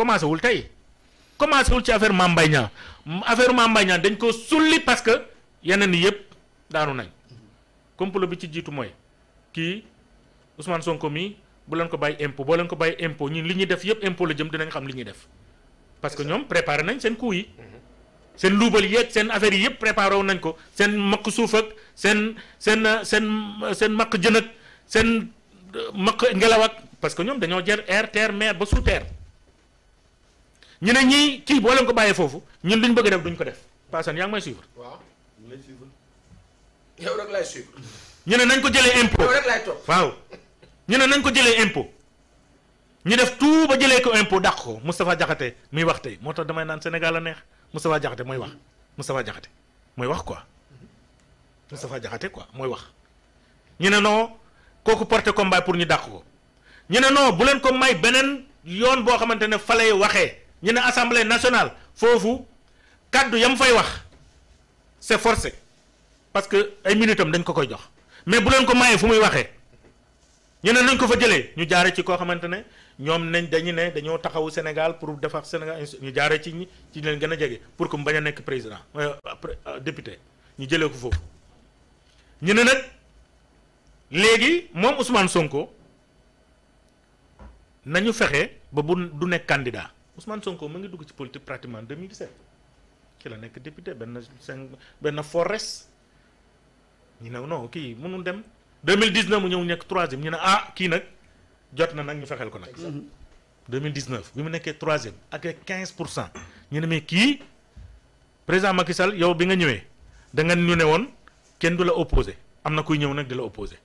commencé wul tey commencé wul ci affaire Mame Mbaye Niang affaire Mame Mbaye Niang dañ ko sulli parce que yeneen yi yëpp daanu nañ complot bi ci jiitu mooy kii Ousmane Sonko mi bu leen ko bàyyi impôt boo leen ko bàyyi impôt ñun li ñuy def yëpp impôt la jëm dinañ xam li ñuy def parce que ñoom préparé nañ seen coup mhm. seen luubal yeeg seen affaire yi yëpp préparé wu nañ ko seen makk suuf ak seen seen seen seen makk jën ak seen makk ngelaw parce que ñoom dañoo jër air terre ba sous ñu ne ñii kii boo leen ko bàyyee foofu ñun luñ bëgg def duñ ko def Paasan yaa ngi may waaw ñu ñu ne nañ ko jëlee impôt yow ñu ne nañ ko jëlee impôt ñu def tout ba jëlee ko impôt dàq ko Moustapha Diakhaté muy wax moo tax damay naan Sénégal la neex Moustapha Diakhaté mooy wax Moustapha Diakhaté mooy wax quoi Moustapha Diakhaté quoi mooy wax ñu ne non kooku porté combat pour ñu dàq ko ñu ne noo bu leen ko may beneen yoon boo xamante ne fa lay waxee ñu ne assemblée nationale foofu kàddu yam fay wax c'est forcé parce que ay minutes dañ ko koy jox mais bu leen ko mayee fu muy waxee ñu ne nañ ko fa jëlee ñu jaare ci koo xamante ne ñoom nañ dañu ne dañoo taxawu Sénégal pour defar Sénégal ñu jaare ci ñi ci leen gën a jege pour que mu bañ a nekk président euh, euh, député ñu jëlee ko foofu ñu ne nag léegi moom Ousmane Sonko nañu fexe ba bu du nekk candidat Ousmane Sonko mu ngi dugg ci politique pratiquement 2017 ki la nekk député benn cinq benn forest ñu ne non kii mënul dem 2019 mu ñëw nekk troisième ñu ne ah kii nag jot na nag ñu fexeel ko nag. 2019 mm-hmm. bi mu nekkee troisième ak quinze pour cent ñu ne mais kii président Macky Sall yow bi nga ñëwee da nga ñu ne woon kenn du la opposé am na kuy ñëw nag di la opposé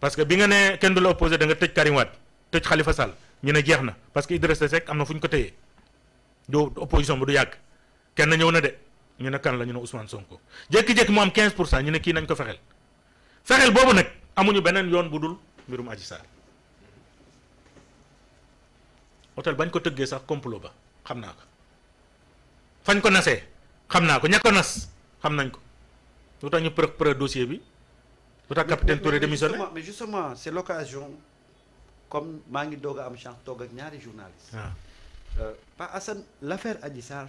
parce que bi nga nee kenn du la opposé da nga tëj Karim Wade tëj xalifa Sall. ñu ne jeex na parce que Idrissa Seck am na fu ñu ko téye du opposition bi du yàgg kenn ñëw na de ñu ne kan la ñu ne Ousmane Sonko jékki-jékki mu am 15 pour cent ñu ne kii nañ ko fexeel fexeel boobu nag amuñu beneen yoon bu dul mbirum Adji Sarr hôtel bañ ko tëggee sax complot ba xam naa ko fañ ko nasee xam naa ko ña ko nas xam nañ ko lu tax ñu pré pré dossier bi lu tax capitaine Touré démissionné comme maa ngi doog am chance toog ak ñaari journaliste ah. euh, Pa Assane l'affaire Adji Sarr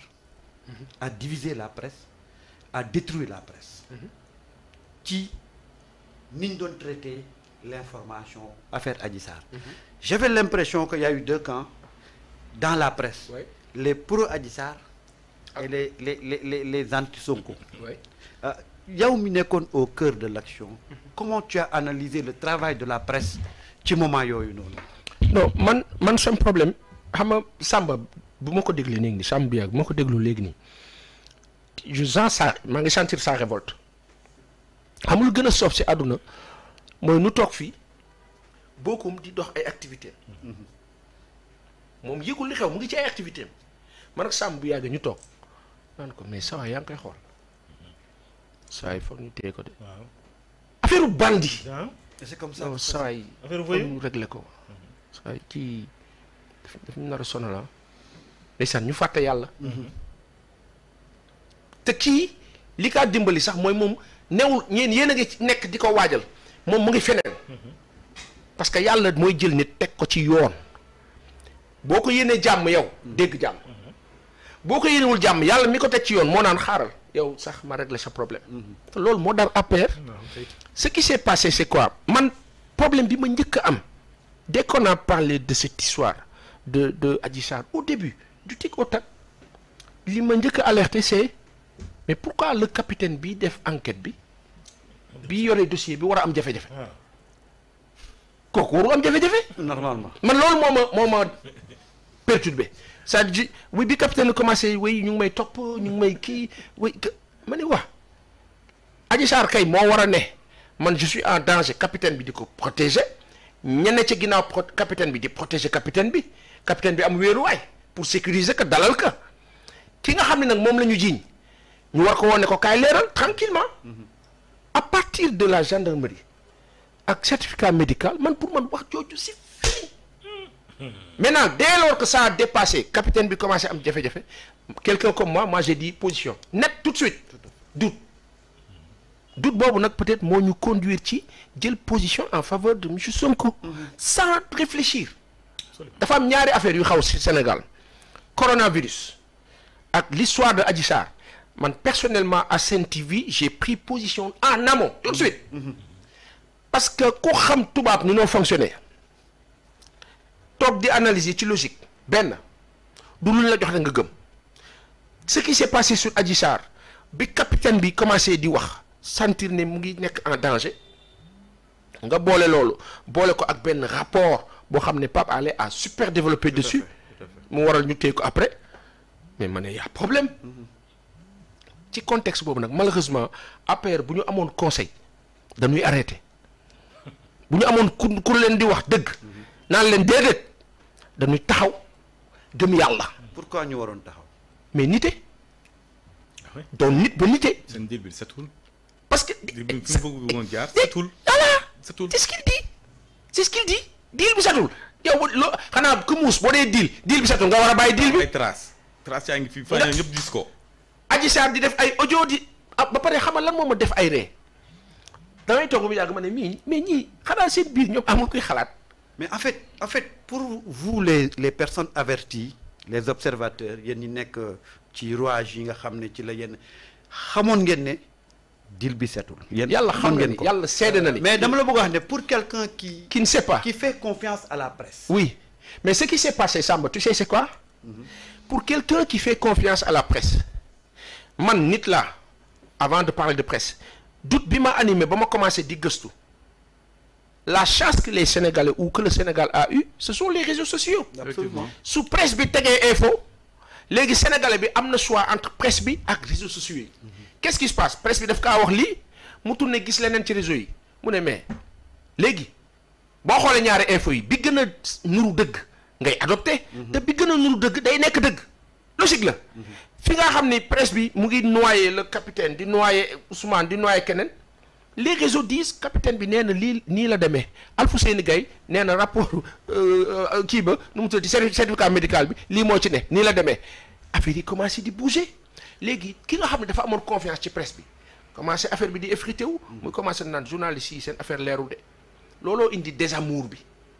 mhm. a divisé la presse a détruit la presse ci mhm. ni ñu doon traité l'information affaire Adji Sarr mhm. j'avais l'impression que y a eu deux camps dans la presse oui. les pro Adji Sarr ah. et les les les les, les anti Sonko euh, yow mi nekkoon au cœur de l'action comment tu as analysé le travail de la presse ci moment yooyu noonu. man man sam problème xam nga Samba bu ma ko déglee léegi nii Samba Biak bu ma ko déglu léegi nii je sens ça maa ngi sentir sa révolte amul gën a sof si àdduna mooy nu toog fii bokkum di dox ay activité moom yëgul li mu ngi ci activité am man ak Samba bu yàgg ñu toog naan ko mais saa yaa ngi koy xool saa yi foog ñu téye ko de. waaw bandi. c'est comme ça non saa yi. affaire voyou réglé ko. saa yi kii dafa nar ah. ñu fàtte yàlla. Mhm. te kii li kaa dimbali sax mooy moom newul ñeen yéen a ngi nekk di ko waajal moom mu ngi feneen. Mhm. parce que yàlla mooy jël nit teg ko ci yoon. boo ko yéenee jàmm yow. dégg jàmm. Mhm. boo ko yéenewul jàmm yàlla mi ko teg ci yoon moo naan xaaral. yow sax ma régler sa problème. Mhm. loolu moo dal APR. ce qui s'est passé c'est quoi man problème bi ma njëkk am dès qu'on a parlé de cette histoire de de Adji Sarr au début du tic au li ma njëkk a alerté c'est mais pourquoi le capitaine bi def enquête bi bi yore dossier bi war a am jafe-jafe. Ah. kooku warul am jafe-jafe. man loolu moo ma moo ma perturbé. c'est-à-dire oui bi capitaine commencé oui ñu ngi may topp ñu ngi may kii oui ma ne waa Adji Sarr kay moo war a ne man je en danger capitaine bi di ko protéger ñenn ci ginnaaw pro capitaine bi di protéger capitaine bi capitaine bi am wéeruwaay pour sécuriser ko dalal ko ki nga xam ne nag moom la ñu jiiñ ñu war ko woon ne ko kaay leeral tranquillement a mm-hmm. partir de la gendarmerie ak certificat médical man pour man wax jooju si maintenant dès lors que ça a dépassé capitaine bi commencé am jafe-jafe quelqu'un comme moi moi j'ai dit position net tout de suite doute doute boobu nag peut-être moo ñu conduire ci jël position en faveur de monsieur Sonko sans réfléchir dafa am ñaari affaire yu xaw ci Sénégal coronavirus ak l'histoire de Adji man personnellement à Sen TV j'ai pris position en amont tout de suite mm-hmm. parce que ku xam tubaab ni noo fonctionner toog di analyser ci logique benn du luñ la jox rek nga gëm ce qui s'est passé sur Adji Sarr bi capitaine bi commencé di wax sentir ne mu ngi nekk en danger nga boole loolu boole ko ak benn rapport boo xam ne Pape Alé a super développé dessus mu waral ñu téye ko après mais ma ne y a problème ci contexte boobu nag malheureusement APR bu ñu amoon conseil dañuy arrêté bu ñu amoon ku ku leen di wax dëgg naan leen déedéet dañuy taxaw gëm yàlla. pourquoi ñu waroon taxaw. mais nite. Ah doon nit ba nite. seen dil bi setul. parce que. dil bi jaar eh, setul. voilà setul c'est ce qu'il dit c'est ce qu'il bi setul yow loo xanaa ku muus boo dee dil dil bi setul nga war a bàyyi dil bi. ay yaa ngi fi fan ñëpp gis ko. Adji Sarr di def ay audio di ah, ba pare xamal lan moom ma def ay ree damay toog mu yàgg ma ne mii mais ñii xanaa seen biir ñoom amul kuy xalaat. mais en fait en fait pour vous les les personnes averties les observateurs yéen ñi nekk ci rouage yi nga xam ne ci la yenn xamoon ngeen ne dil bi setul. yéen yàlla xam ngeen ko yàlla sede na mais dama la bëgg a wax ne pour quelqu'un qui. qui ne sait pas qui fait confiance à la presse. oui mais ce qui s'est passé Samba tu sais c'est quoi. Mhm. pour quelqu'un qui fait confiance à la presse man nit la avant de parler de presse doute bi ma animé ba ma commencé di gëstu. la chance que les Sénégalais ou que le Sénégal a eu ce sont les réseaux su presse bi tegee info léegi Sénégalais bi am na choix entre presse bi ak réseaux sociaux yi. Mhm. qu'est-ce qui se passe presse bi daf kaa wax lii mu tourné gis leneen ci réseau yi mu ne mais léegi boo xoolee ñaari info yi bi gën a nuru dëgg ngay adopté. Mhm. te bi gën a nuru dëgg day nekk dëgg logique la. Mhm. fi nga xam ni presse bi mu ngi noyé le capitaine di noyé Ousmane di noyé keneen. les réseaux disent capitaine bi nee na lii nii la demee Alfousseyni gay nee na rapport euh, euh, kii ba nu mu tuddati certificat médical bi lii moo ci ne nii la demee affaire yi commencé di bouger léegi ki nga xam ne dafa amoon confiance ci presse bi commencé affaire bi di effrité wu. Mm. muy commencé naan journaliste yi seen affaire leerul de looloo indi désamour bi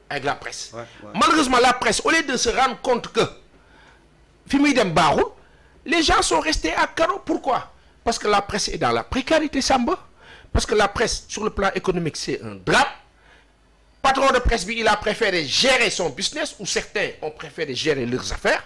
avec la presse. malheureusement la presse au lieu de se rendre compte que fi muy dem baaxul les gens sont restés à carreau pourquoi parce que la presse est dans la précarité Samba. parce que la presse sur le plan économique c'est un drame patron de presse il a préféré gérer son business ou certains ont préféré gérer leurs affaires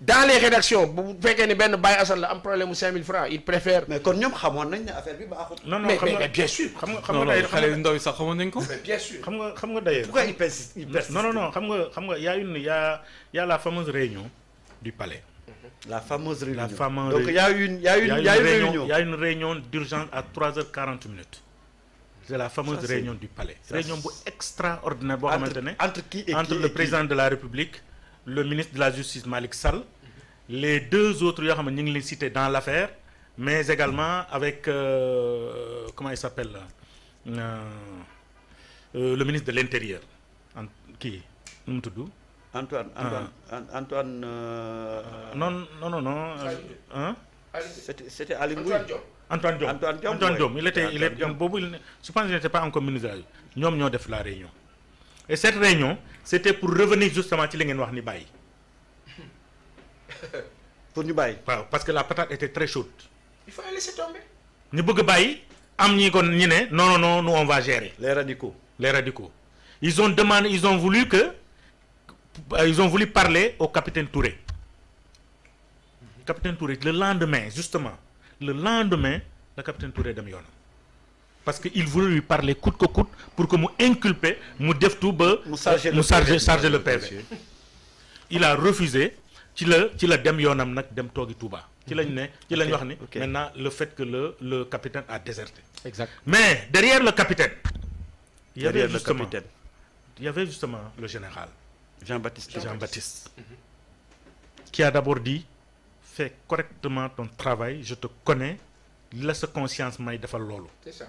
dans les rédactions bu fekkee ne benn Baye la am problème francs il préfère. mais kon ñoom xamoon ne affaire bi baaxul. non non xam nga bien sûr. xam nga xam nga d'ailleurs xale yu ndaw yi sax xamoon nga xam nga d'ailleurs. pourquoi il persiste il nga xam nga a une y a y a la fameuse réunion du palais. La fameuse réunion. La a une, y a une, y a une, y a une réunion. Il y a une réunion d'urgence à 3h40 minutes. C'est la fameuse réunion du palais. Ça, réunion extraordinaire. Entre, qui et qui le président qui? la République, le ministre de la Justice Malik sal les deux autres qui cités dans l'affaire, mais également avec, euh, comment il s'appelle, euh, euh, le ministre de l'Intérieur. Qui Moutoudou. Antoine ah. Antoine Antoine. Euh, non non non non. Euh, c'était c'était Ali Ngouille Antoine Diome Antoine Diome Antoine Diome il était il boobu il je pense il n'était pas encore ñoom ñoo def la réunion. et cette réunion c'était pour revenir justement ci li ngeen wax ni bàyyi. pour ñu bàyyi. waaw parce que la patate était très chaude. il ñu bëgg bàyyi am ñi kon ñu ne non non non nous on va gérer. les radicaux les radicaux ils ont demandé ils ont voulu que. Euh, ils ont voulu parler au capitaine Touré capitaine Touré le lendemain justement le lendemain le capitaine Touré dem yoonam parce que il voulait lui parler coûte que coûte pour que mu inculper mu def tout ba. mu charger le PV charger le PV. il a refusé ci la ci la dem yoonam nag dem toogi Touba. ci lañ ne ci la lañ wax ni maintenant le fait que le le capitaine a déserté. mais derrière le capitaine. y il y avait justement le général. Jean-Baptiste. Jean-Baptiste. Mhm. qui a d'abord dit fais correctement ton travail je te connais la sa conscience may defal loolu. c'est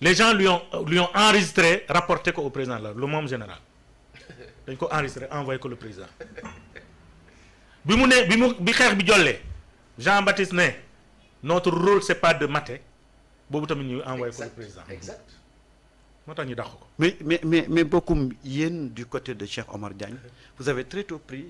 les gens lui ont lui ont enregistré rapporté ko au président la le moom général dañ ko enregistré envoyé ko le président bi mu ne bi mu bi xeex bi jollee Jean-Baptiste ne notre rôle c'est pas de mater boobu tamit ñu envoyé ko le président. exact. moo tax ñu dàq ko. mais mais mais mais bokkum yéen du côté de Cheikh Omar Diagne vous avez très tôt pris